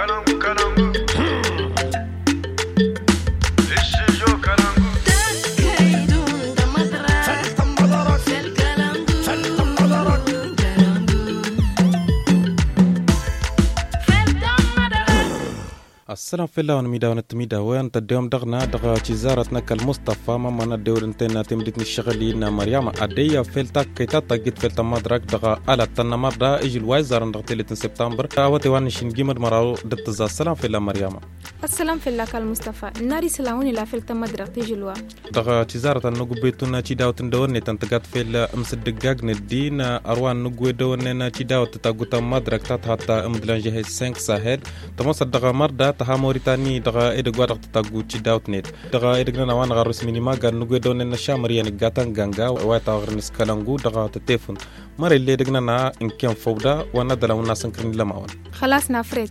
Caramba, caramba. السلام في الله ونميدا ونتميدا وين تديوم دغنا دغا تزارة نكال مصطفى ماما ندور انتنا تمدتني الشغلين مريم ادي فيلتا كيتا تاكيت فيلتا مدرك دغا على تنا مرة إجي الوايزر نغتيلة سبتمبر أوتي وان شنجيمد مراو دتزا السلام في الله مريم السلام في الله كالمصطفى ناري سلاوني لا فيلتا مدرك تيجي الوا دغا تزارة نقو بيتونا تيداو تندورني تنتقات في مسدقاق ندين أروان نقو تي داوت تتاقوتا مدرك تتحطا امدلان هي 5 ساهل تموصد دغا مرة ha mauritani daga ede gwa daga tagu ci dautnet daga ede gna wan garus minima gan nugo e donen na shamari yan e gatan ganga wa ta garnis kalangu daga ta tefun mare le de gna na in ken fawda wana dala wana sankrin lamawan khalas na fred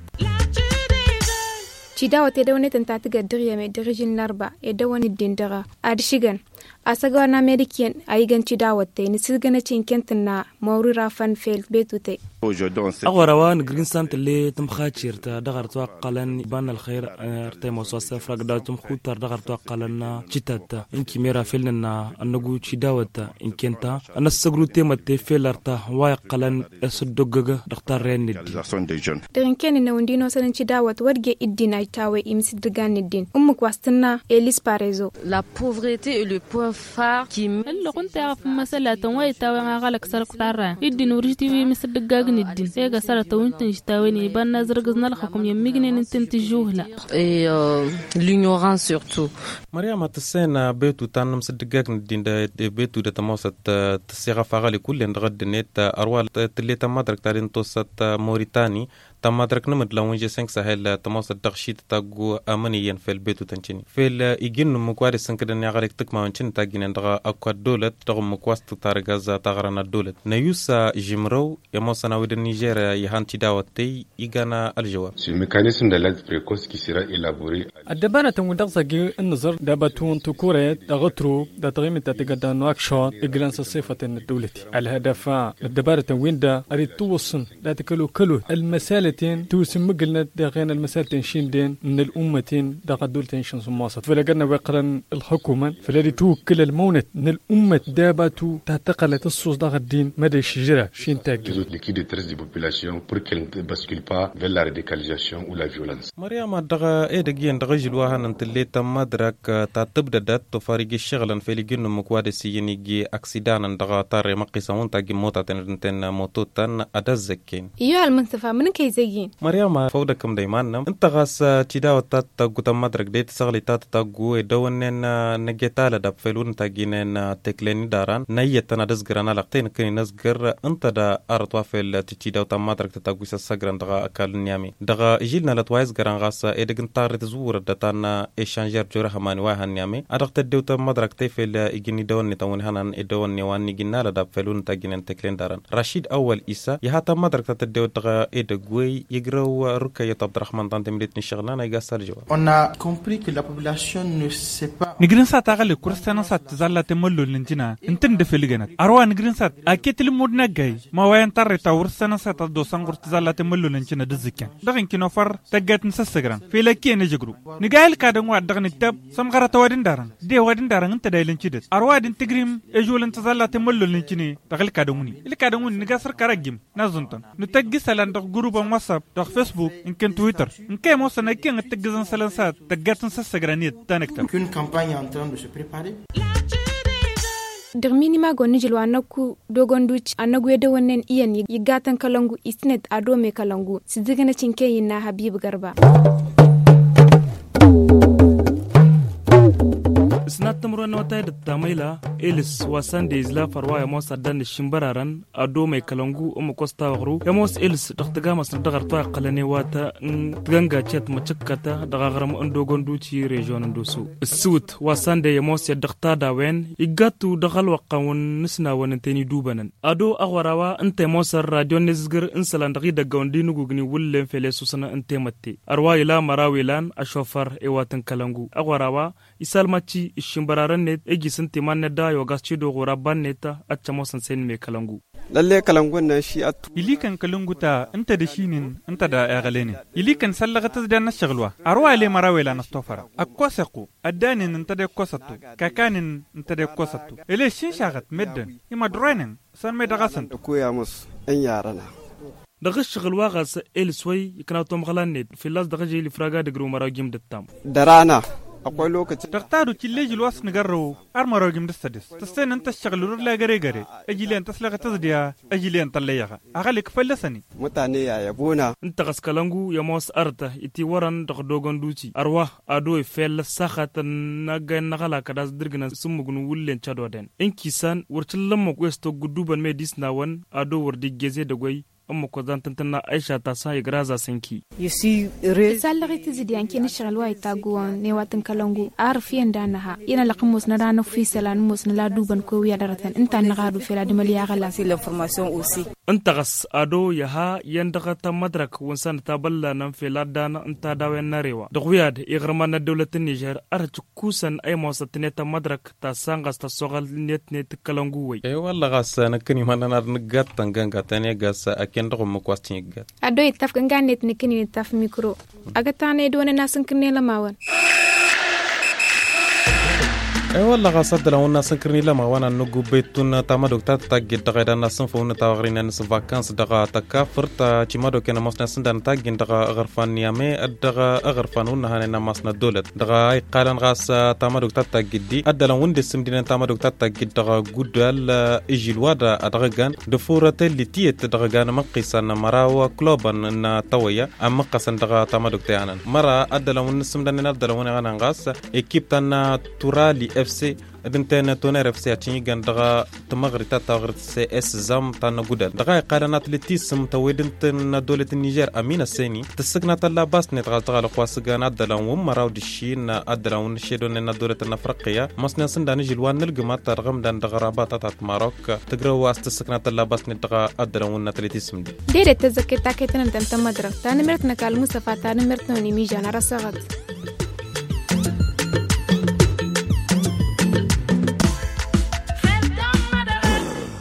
ci dawa te dawne tan ta tiga dirya me dirijin narba e dawani dindara ad shigan a a yi ganci dawata ni kentin na mauri rafan fel betute ni green sant le tum dagar dagartu qalan ban al khair arte eh, moswas fragda tum khutar dagartu qalanna chitata inki mera felna annagu chidawata inkenta anas sagru temate felarta wa qalan asuddugaga daktar renid dirinken ne wondino sanan chidawat wadge iddina tawe imsidigan niddin ummuk wastina elis parezo la pauvreté et le اللو كنت عارف مسألة تنوي تاوي عقل أكثر قطارة يدي نورج تيفي مثل دقاق ندين سيغا سارة توين تنجتاويني بان نازر قزنا لخكم يميقني ننتن تجوهلا لونيوران سورتو مريم تسينا بيتو تان مثل دقاق ندين بيتو ده تموسط آه، تسيغا فاغالي كل غد نيت آه، أروال تلي تمادرك تارين توسط آه، موريتاني تم دركنا مدلا وين جسنك سهل تموس الدغشيت تاغو امنيا في البيت وتنشني في الايجن مكوار سنكدن يغريك تكما ونشن تاغين اندغا اكو دولت تغم مكواس تارغازا تغرنا دولت نيوسا جمرو يموس انا ودن نيجر يهان تداوتي يغانا الجواب سي ميكانيزم دالاج بريكوس كي سيرا الابوري الدبانة وندغسا جي النظر دابتون تكوري دغترو دتغيم تتغدا نواكشون اجلان صفة الدولة الهدف الدبانة ويندا اريد توصن تكلو كلو المسالة مسالتين توسم قلنا داغين المسالتين شين دين من الامتين دا قدول تنشن سماصت فلا قلنا وقرا الحكومة فلا توكل المونت من الامة داباتو تعتقلت الصوص داغ الدين مدى الشجرة شين تاكي مريم دغا ايه دقيقة دغا جلواها ننتلي تم مدرك تتبدا دات تفارق الشغل في لجن مكواد جي اكسيدان دغا تاري مقيسة ونتاكي موتا تنرنتن موتوتن ادزكين ايوه المنتفى من كيزي زيين مريم فودكم دايما انت غاس آه، تيدا وتا تاغو تم مدرك ديت سغلي تا تاغو دون ان آه، نجيتا لدب فيلون تاغينن آه، تكليني داران نيت انا دزغر لقتين كني نزغر انت دا ارتوا في تيدا وتا مدرك تاغو سغران دغا اكل نيامي دغا جيلنا لتوايز غران غاس ادغن تار تزور دتان ايشانجر جوره همان واهن نيامي ديو تا مدرك تيفل ايغني دون تاون هنان ايدون نيوان نيجنا لدب فيلون تاغينن تكلين داران رشيد اول عيسى يهاتا مدرك ديو دغا ادغوي يقرأ يقرأ ركية عبد الرحمن طن تمريت نشغلنا يقصر جوا. On a compris que la population ne sait pas. سات أغلى كرسنا سات زالة تملو لنتنا انتن دفلجنا. أروى نقرن سات أكيد المودنا جاي ما وين ترى تورسنا سات الدوسان قرت زالة تملو لنتنا دزكين. دغن كنوفر تجت نسسجران في لكي نجرو. نقال كادن واد دغن التب سمغرة توادن دارن. دي وادن دارن انت دايلن شدت. أروى تملو whatsapp dag facebook n ken twitter n ke mo sana ken ta gizan salansa ta gatan sassa granit ta nektar qu'une campagne en train de se préparer dir minima go nijil wa naku dogon duci annagu yadda wannan iyan yi gatan kalangu isnet ado mai kalangu su digana cinke yin na habibu garba sinatamro na wata ta maila elis wasan da izla farwa ya mosa dan da shimbararan ado mai kalangu umu kosta wakaru ya mos elis ta gama sun dagar ta ne wata ganga cet macakata daga garama in dogon duci region dusu suit wasan da ya mos ya dakta da wen igatu dagal wakan wani nisna wani a dubanan ado warawa in ta mosar radio nizgir in salandaki daga wani nugugni wullen fele sana in taimatte arwa ila marawilan a shofar e watan kalangu warawa isalmaci ishimbararen ne igisin timan ne da yoga ci dogora ban ne ta mo san sen me kalangu lalle kalangu na shi at ili kan kalungu ta anta da shi nin anta da gale ne ili kan sallaga ta da na shagalwa arwa ruwa le marawela na stofara a kosa ku addanin inta da kosatu kakanin ta da kosatu ele shin shagat meddan ima dronin san mai daga santu ya mus en yara na دغه الشغل واغس ال سوي كنا توم غلانيت في لاس دغه جيلي فراغا دغرو مراجم دتام درانا akwai lokaci daqtaru killeji luwas nigarro armarogim distadis tastenan tashaghlurur la gare gare ajilian taslaga tasdiya ajilian tallayaga agalik fallasani mutane ya yabona inta kaskalangu ya mos arta iti waran daq dogon duci arwa ado fel sakhata naga nagala kadas dirgina sumugun wullen chadoden inkisan wartillamma kwesto guduban me disnawan ado wardi geze da gwai zan أم كوزان تنتنا عيشة تاساي غرازا سنكي Misali ta zidi yanki na shiralwa ita guwa ne watan kalangu a harfiyan da na ha yana laƙin mus na ranar fi salan mus na laduban ko wuya daratan in ta na gado fela da mali ya kala. intagas ado yaha yandakata madrak wansan taballa nan feladana inta dawen narewa duqyad igrma na dawlatin niger arj kusan ay madrak ta sangas ta sogal net net kalangu way ay walla gasa nakani mananar ngat tanganga tane gasa aken duq Ado kwastin gat ado itaf ganganet nikini taf mikro agatane do na nasin kinela إيه والله قصد لو أن سنكرني لما وانا نجو بيتون تما دكتور تاجي دقا دا ناس فون تا غرين ناس فاكانس دقا تكا فرتا تما دو كنا ماسنا سندان تاجي دقا غرفان يامي دقا غرفان ون هانا ناس دولت دقا اي قالن غاس تما دكتور تاجي دي ادا لو ون دسم دين تما دكتور تاجي دقا غودال ايجي الوادا ادقا غان دفورت اللي تيت دقا غان مقيسا مراو كلوبان نا تويا ام مقاسا دقا تما دكتور انا مرا ادا لو ون سم دان ادا لو ون غاس ايكيب تانا تورالي اف سي دمتنا تونير اف سي تشيني كان دغا تمغري تا تغرد سي اس زام تا غودا دغا قارنات لي تيسم تويدن دولة النيجر امين السيني تسكنا تا باس ني تغا تغا لقوا سكانا دلان وم راو دشين ادران شيدون ان دولة الافريقية مسنا سندان جلوان نلقما ترغم دان دغا رابطة تات ماروك تقروا تسكنا تا باس ني تغا ادران نتلي دي ديري تزكي تاكيتنا تنتم مدرك تاني مرتنا كالمصطفى تاني مرتنا ونميجانا رسغت